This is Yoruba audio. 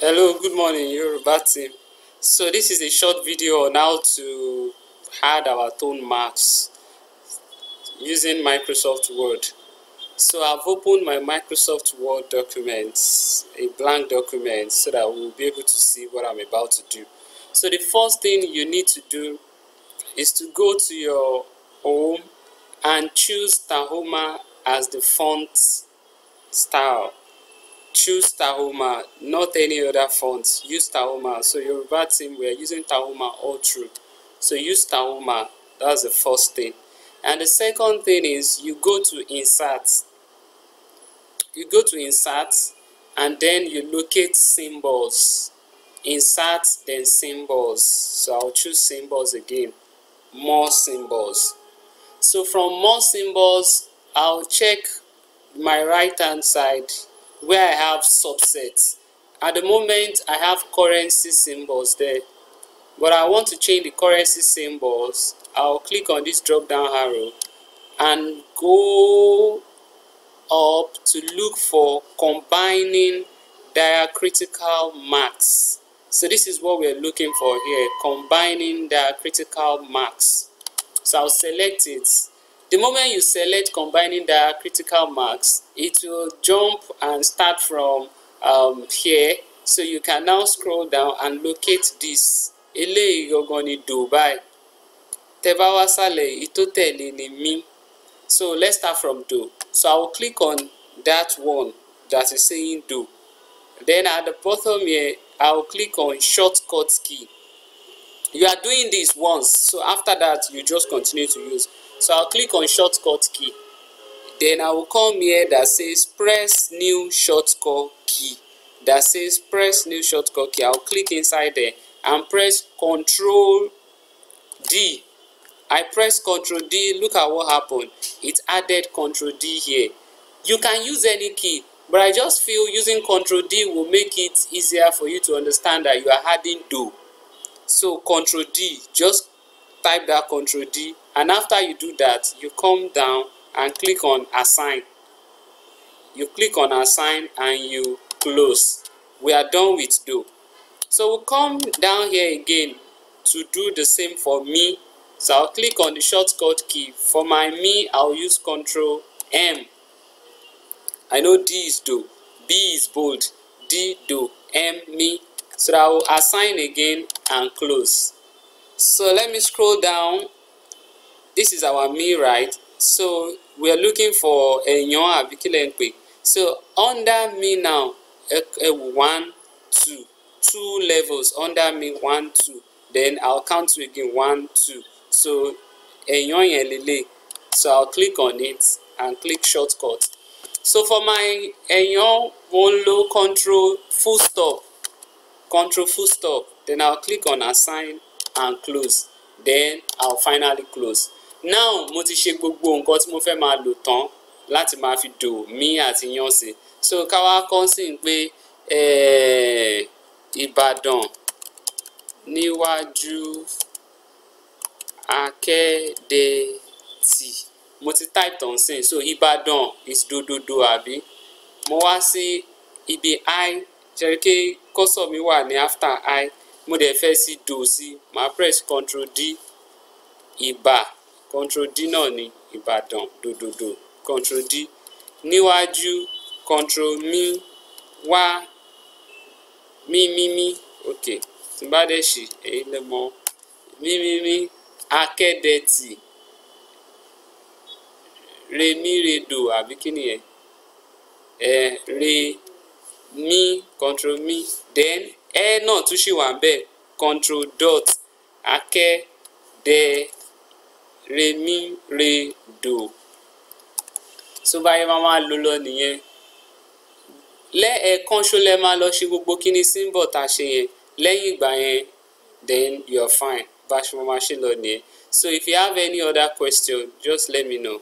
Hello, good morning Yoruba team. So this is a short video on how to add our tone marks using Microsoft Word. So I've opened my Microsoft Word document, a blank document, so that we'll be able to see what I'm about to do. So the first thing you need to do is to go to your home and choose Tahoma as the font style choose Tahoma, not any other fonts. Use Tahoma. So your Yoruba team, we are using Tahoma all through. So use Tahoma. That's the first thing. And the second thing is you go to insert. You go to insert and then you locate symbols. Insert then symbols. So I'll choose symbols again. More symbols. So from more symbols, I'll check my right hand side where I have subsets. At the moment, I have currency symbols there. But I want to change the currency symbols. I'll click on this drop down arrow and go up to look for combining diacritical marks. So this is what we're looking for here, combining diacritical marks. So I'll select it The moment you select combining the critical marks, it will jump and start from um, here. So you can now scroll down and locate this. Eléyìí gangan ni Dubai. Tẹ́ bá wá sàlẹ̀ èyí tó tẹ̀lé ni mí. So let's start from Do. So I will click on that one that is saying Do. Then at the bottom here, I will click on shortcut key you are doing this once so after that you just continue to use so i'll click on shortcut key then i will come here that says press new shortcut key that says press new shortcut key i'll click inside there and press control d i press control d look at what happened it added control d here you can use any key but i just feel using control d will make it easier for you to understand that you are adding do so control D just type that control D and after you do that you come down and click on assign you click on assign and you close we are done with do so we come down here again to do the same for me so I'll click on the shortcut key for my me I'll use control M I know D is do B is bold D do M me so I will assign again and close so let me scroll down this is our me, right so we are looking for ẹ̀yán àbí kí so under me now one two two levels under me one two then I'll count you again one two so ẹ̀yán yẹn lélẹ̀ so I'll click on it and click shortcut so for my ẹ̀yán mo ń control full stop control full stop then I'll click on assign and close then I'll finally close now mo ti ṣe gbogbo nǹkan tí mo fẹ́ máa lò tán láti máa fi dò mí àti yan sí so káwá kọ́ sí ń pé eh, Ìbàdàn níwájú akéde tí mo ti type tán sí so Ìbàdàn is dododo àbí mo wá sí ibi i ṣe rí i pé cursor mi wà ní after i mo dẹ̀ fẹ́ sí do sí màá press ctrl d ìbà ctrl d náà ni ìbàdàn dòdòdò ctrl d níwájú ctrl mi wá mi, ok tí n bá dẹ̀ ṣì èyí lè mọ mi, akẹ́dẹ̀tì remíredò àbí kí nìyẹn ẹ re. Mi, mi, mi, Me control me. then ẹ náà tún ṣì wà bẹ́ẹ̀ control dot akẹ́ dẹ re mi re do tó bá yẹ máa máa lò lọ nìyẹn lẹ́ẹ̀kan ṣó lẹ máa lọ ṣe gbogbo kíni símbọ̀ tá a ṣe yẹn lẹ́yìn ìgbà yẹn then you're fine bá a ṣe mo máa ṣe lọ nìyẹn so if you have any other question just let me know.